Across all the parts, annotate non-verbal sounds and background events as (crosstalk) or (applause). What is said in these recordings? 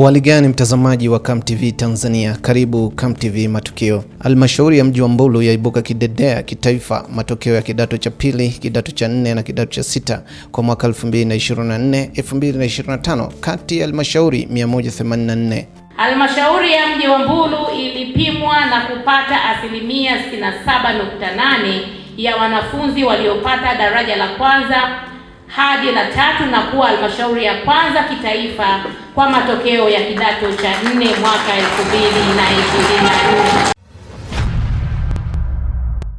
Huhali gani mtazamaji wa CamTV Tanzania, karibu CamTV Matukio. Halmashauri ya mji wa Mbulu yaibuka kidedea kitaifa matokeo ya kidato cha pili, kidato cha nne na kidato cha sita kwa mwaka 2024 2025 kati ya halmashauri 184. Halmashauri ya mji wa Mbulu ilipimwa na kupata asilimia 67.8 ya wanafunzi waliopata daraja la kwanza hadi la tatu na kuwa halmashauri ya kwanza kitaifa kwa matokeo ya kidato cha nne mwaka 2024.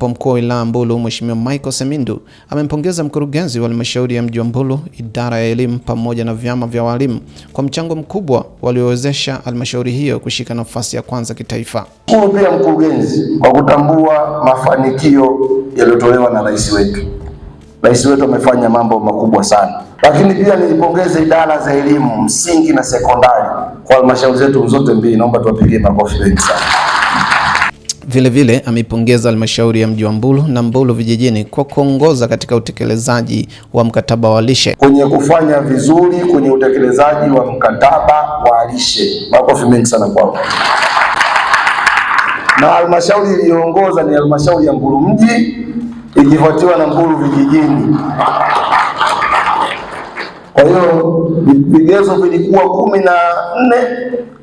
Mkuu wa wilaya Mbulu Mheshimiwa Michael Semindu amempongeza mkurugenzi wa halmashauri ya mji wa Mbulu, idara ya elimu pamoja na vyama vya walimu kwa mchango mkubwa waliowezesha halmashauri hiyo kushika nafasi ya kwanza kitaifa. Shukuru pia mkurugenzi kwa kutambua mafanikio yaliyotolewa na rais wetu. Rais wetu amefanya mambo makubwa sana, lakini pia niipongeze idara za elimu msingi na sekondari kwa halmashauri zetu zote mbili, naomba tuwapigie makofi mengi sana. Vilevile ameipongeza halmashauri ya mji wa Mbulu na Mbulu vijijini kwa kuongoza katika utekelezaji wa mkataba wa lishe, kwenye kufanya vizuri kwenye utekelezaji wa mkataba wa lishe. Makofi mengi sana kwao. Na halmashauri iliyoongoza ni halmashauri ya Mbulu mji ikifuatiwa na Nguru vijijini. Kwa hiyo vigezo vilikuwa kumi na nne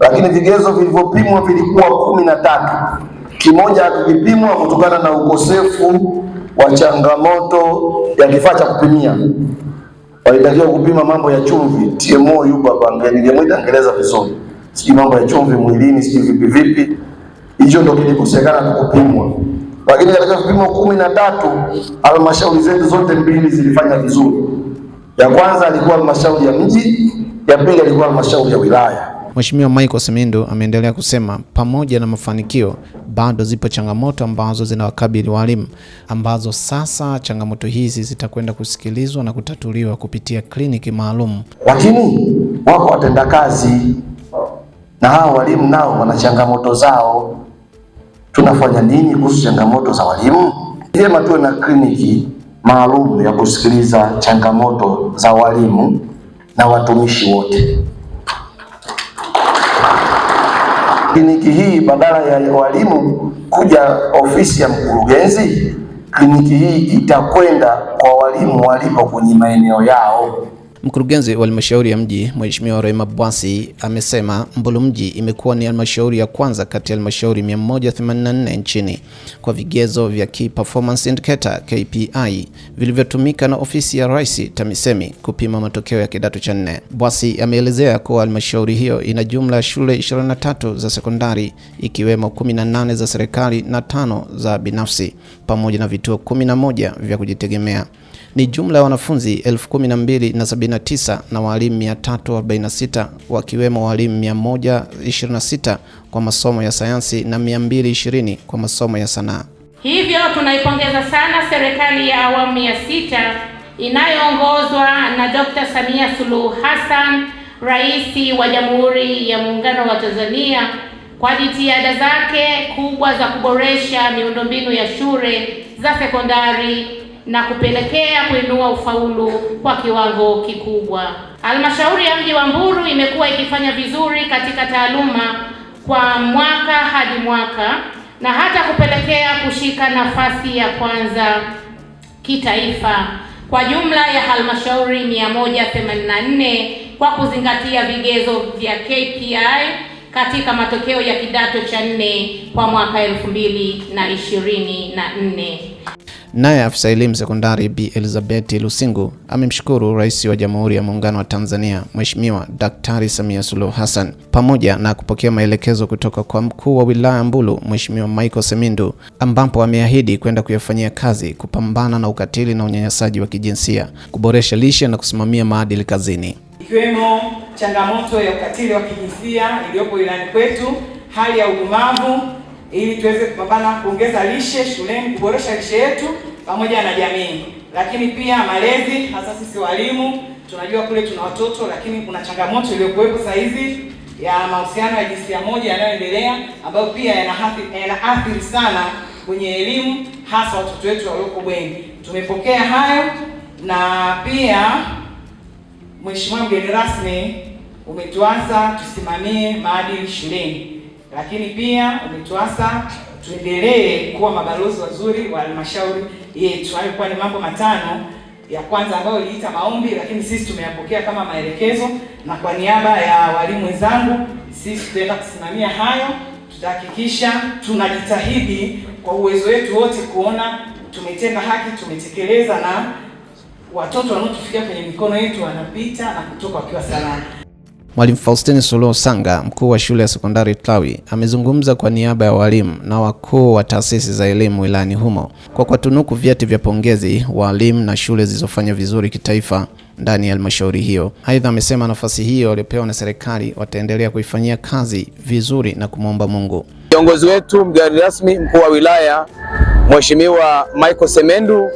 lakini vigezo vilivyopimwa vilikuwa kumi na tatu. Kimoja hakikipimwa kutokana na ukosefu wa changamoto ya kifaa cha kupimia. Walitakiwa kupima mambo ya chumvi, TMO yupo, ningemwita Ngereza vizuri, sijui mambo ya chumvi mwilini, sijui vipi vipi. Hicho ndo kilikosekana kupimwa. Lakini katika vipimo kumi na tatu halmashauri zetu zote mbili zilifanya vizuri. Ya kwanza alikuwa halmashauri ya mji, ya pili alikuwa halmashauri ya wilaya. Mheshimiwa Michael semindo ameendelea kusema pamoja na mafanikio bado zipo changamoto ambazo zinawakabili walimu, ambazo sasa changamoto hizi zitakwenda kusikilizwa na kutatuliwa kupitia kliniki maalum. Lakini wako watendakazi na hao walimu nao wana changamoto zao tunafanya nini kuhusu changamoto za walimu? Vyema tuwe na kliniki maalum ya kusikiliza changamoto za walimu na watumishi wote. Kliniki hii badala ya walimu kuja ofisi ya mkurugenzi, kliniki hii itakwenda kwa walimu walipo kwenye maeneo yao. Mkurugenzi wa halmashauri ya mji Mheshimiwa Rehema Bwasi amesema mji imekuwa ni halmashauri ya kwanza kati ya halmashauri 184 nchini kwa vigezo vya Key Performance Indicator KPI vilivyotumika na ofisi ya Rais TAMISEMI kupima matokeo ya kidato cha nne. Bwasi ameelezea kuwa halmashauri hiyo ina jumla ya shule 23 za sekondari ikiwemo 18 za serikali na tano za binafsi pamoja na vituo 11 vya kujitegemea. Ni jumla ya wanafunzi 12079 na walimu 346 wakiwemo walimu 126 kwa masomo ya sayansi na 220 kwa masomo ya sanaa. Hivyo tunaipongeza sana serikali ya awamu ya sita inayoongozwa na Dr. Samia Suluhu Hassan, Rais wa Jamhuri ya Muungano wa Tanzania kwa jitihada zake kubwa za kuboresha miundombinu ya shule za sekondari na kupelekea kuinua ufaulu kwa kiwango kikubwa. Halmashauri ya mji wa Mbulu imekuwa ikifanya vizuri katika taaluma kwa mwaka hadi mwaka na hata kupelekea kushika nafasi ya kwanza kitaifa kwa jumla ya halmashauri 184 kwa kuzingatia vigezo vya KPI katika matokeo ya kidato cha nne kwa mwaka 2024. Naye afisa elimu sekondari Bi Elizabeth Lusingu amemshukuru Rais wa Jamhuri ya Muungano wa Tanzania Mheshimiwa Daktari Samia Suluhu Hassan pamoja na kupokea maelekezo kutoka kwa mkuu wa wilaya Mbulu Mheshimiwa Michael Semindu, ambapo ameahidi kwenda kuyafanyia kazi kupambana na ukatili na unyanyasaji wa kijinsia, kuboresha lishe na kusimamia maadili kazini, ikiwemo changamoto ya ukatili wa kijinsia iliyopo ilani kwetu, hali ya udumavu ili tuweze kupambana kuongeza lishe shuleni, kuboresha lishe yetu pamoja na jamii. Lakini pia malezi, hasa sisi walimu tunajua kule tuna watoto, lakini kuna changamoto iliyokuwepo saa hizi ya mahusiano ya jinsia moja yanayoendelea ambayo pia yanaathiri sana kwenye elimu, hasa watoto wetu walioko bweni. Tumepokea hayo na pia Mheshimiwa mgeni rasmi umetuanza tusimamie maadili shuleni lakini pia umetuasa tuendelee kuwa mabalozi wazuri wa halmashauri yetu. Hayo kwa ni mambo matano ya kwanza ambayo iliita maombi, lakini sisi tumeyapokea kama maelekezo, na kwa niaba ya walimu wenzangu, sisi tutaenda kusimamia hayo. Tutahakikisha tunajitahidi kwa uwezo wetu wote kuona tumetenda haki, tumetekeleza, na watoto wanaotufikia kwenye mikono yetu wanapita na kutoka wakiwa salama. Mwalimu Faustine Suluhu Sanga, mkuu wa shule ya sekondari Tlawi, amezungumza kwa niaba ya walimu na wakuu wa taasisi za elimu wilayani humo kwa kuwatunuku vyeti vya pongezi walimu na shule zilizofanya vizuri kitaifa ndani ya halmashauri hiyo. Aidha, amesema nafasi hiyo waliopewa na serikali wataendelea kuifanyia kazi vizuri na kumwomba Mungu. Kiongozi wetu mgeni rasmi mkuu wa wilaya Mheshimiwa Michael Semendu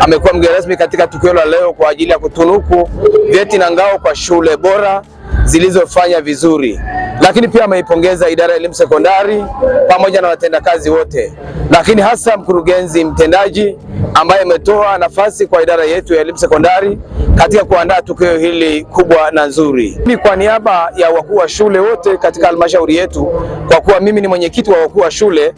amekuwa mgeni rasmi katika tukio la leo kwa ajili ya kutunuku vyeti na ngao kwa shule bora zilizofanya vizuri, lakini pia ameipongeza idara ya elimu sekondari pamoja na watendakazi wote, lakini hasa mkurugenzi mtendaji ambaye ametoa nafasi kwa idara yetu ya elimu sekondari katika kuandaa tukio hili kubwa na nzuri. Mimi kwa niaba ya wakuu wa shule wote katika halmashauri yetu, kwa kuwa mimi ni mwenyekiti wa wakuu wa shule,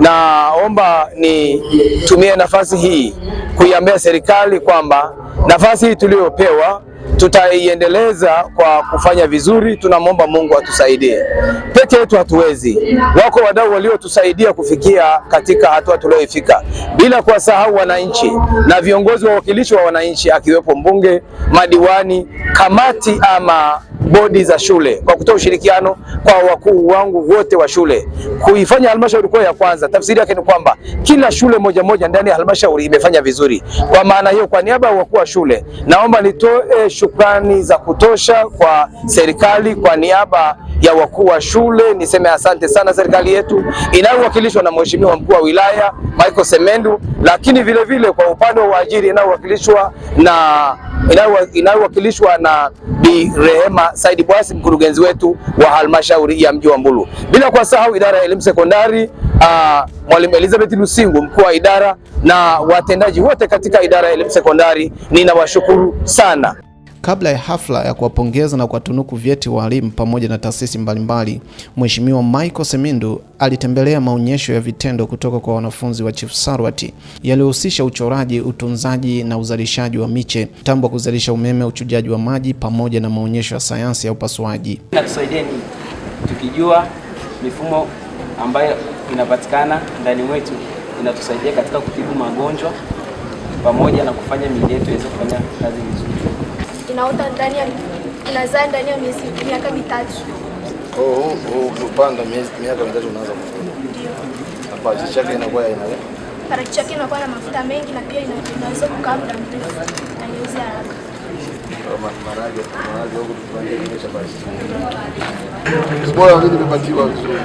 naomba nitumie nafasi hii kuiambia serikali kwamba nafasi hii tuliyopewa tutaiendeleza kwa kufanya vizuri. Tunamwomba Mungu atusaidie, peke yetu hatuwezi. Wako wadau waliotusaidia kufikia katika hatua tuliyoifika, bila kuwasahau wananchi na viongozi wa wakilishi wa wananchi, akiwepo mbunge, madiwani, kamati ama bodi za shule kwa kutoa ushirikiano kwa wakuu wangu wote wa shule kuifanya halmashauri kuwa ya kwanza. Tafsiri yake ni kwamba kila shule moja moja ndani ya halmashauri imefanya vizuri. Kwa maana hiyo, kwa niaba ya wakuu wa shule naomba nitoe shukrani za kutosha kwa serikali kwa niaba ya wakuu wa shule. Niseme asante sana serikali yetu inayowakilishwa na mheshimiwa mkuu wa wilaya Michael Semendu, lakini vile vile kwa upande wa waajiri inayowakilishwa na inayowakilishwa na Bi Rehema Said Bwasi, mkurugenzi wetu wa halmashauri ya mji wa Mbulu, bila kusahau idara ya elimu sekondari Uh, Mwalimu Elizabeth Lusingu mkuu wa idara na watendaji wote katika idara ya elimu sekondari, ninawashukuru sana. Kabla ya hafla ya kuwapongeza na kuwatunuku vyeti walimu pamoja na taasisi mbalimbali, Mheshimiwa Michael Semindu alitembelea maonyesho ya vitendo kutoka kwa wanafunzi wa Chief Sarwati yaliyohusisha uchoraji, utunzaji na uzalishaji wa miche, mtambo wa kuzalisha umeme, uchujaji wa maji pamoja na maonyesho ya sayansi ya upasuaji. Natusaidieni tukijua mifumo ambayo inapatikana ndani mwetu inatusaidia katika kutibu magonjwa pamoja na kufanya miili yetu iweze kufanya kazi vizuri zinaota ndani ya inazaa ndani ya miezi miaka mitatu. Oh, oh, oh ukipanda miaka mitatu unaanza kuvuna. Ndio. Parachichi yake inakuwa ina parachichi yake inakuwa na mafuta mengi na pia inaweza kukaa muda mrefu na inauza haraka. Bora vile vimepatiwa vizuri.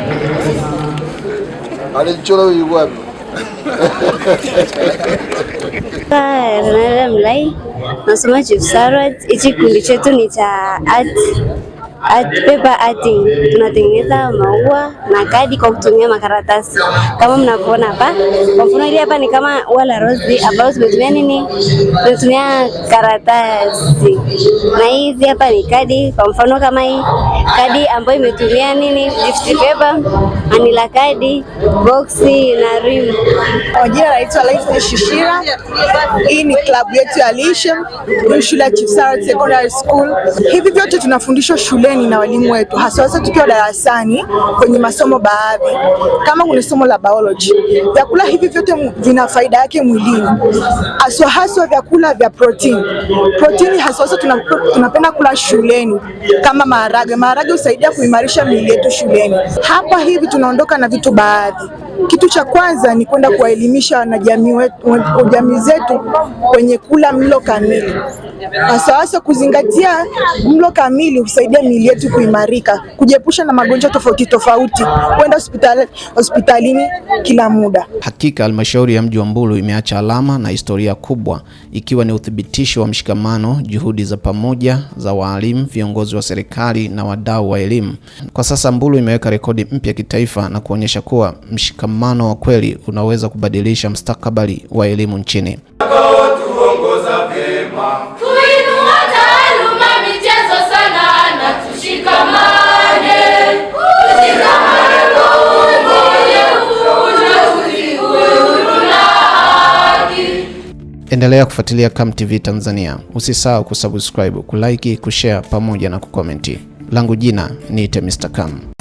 (laughs) Alichora huyu wapi? Hernada Mlai nasoma Chief Sarwat. Hichi kikundi chetu ni cha art paper arting. Tunatengeneza maua na kadi kwa kutumia makaratasi kama mnavyoona hapa. Kwa mfano ile hapa ni kama wala rose ambayo tumetumia nini, tumetumia karatasi, na hizi hapa ni kadi. Kwa mfano kama hii kadi ambayo imetumia nini, gift paper, manila kadi, boxi na rim. Kwa Jina naitwa Laisha Shishira. Hii ni klabu yetu ya lishe shule ya Chief Sarah Secondary School. Hivi vyote tunafundishwa shule shuleni na walimu wetu, hasa hasa tukiwa darasani kwenye masomo baadhi, kama kuna somo la biology. Vyakula hivi vyote vina faida yake mwilini, haswa haswa vyakula vya protein. Protein hasa hasa tunapenda kula shuleni kama maharage. Maharage husaidia kuimarisha miili yetu shuleni. Hapa hivi tunaondoka na vitu baadhi kitu cha kwanza ni kwenda kuwaelimisha wanajamii zetu kwenye kula mlo kamili, hasa hasa kuzingatia mlo kamili husaidia miili yetu kuimarika, kujiepusha na magonjwa tofauti tofauti, kwenda hospitali, hospitalini kila muda. Hakika halmashauri ya mji wa Mbulu imeacha alama na historia kubwa, ikiwa ni uthibitisho wa mshikamano, juhudi za pamoja za waalimu, viongozi wa serikali na wadau wa elimu. Kwa sasa Mbulu imeweka rekodi mpya kitaifa na kuonyesha kuwa mshikamano mshikamano wa kweli unaweza kubadilisha mstakabali wa elimu nchini. Endelea kufuatilia Come TV Tanzania. Usisahau kusubscribe, kulike, kushare pamoja na kukomenti. Langu jina niite Mr. Come.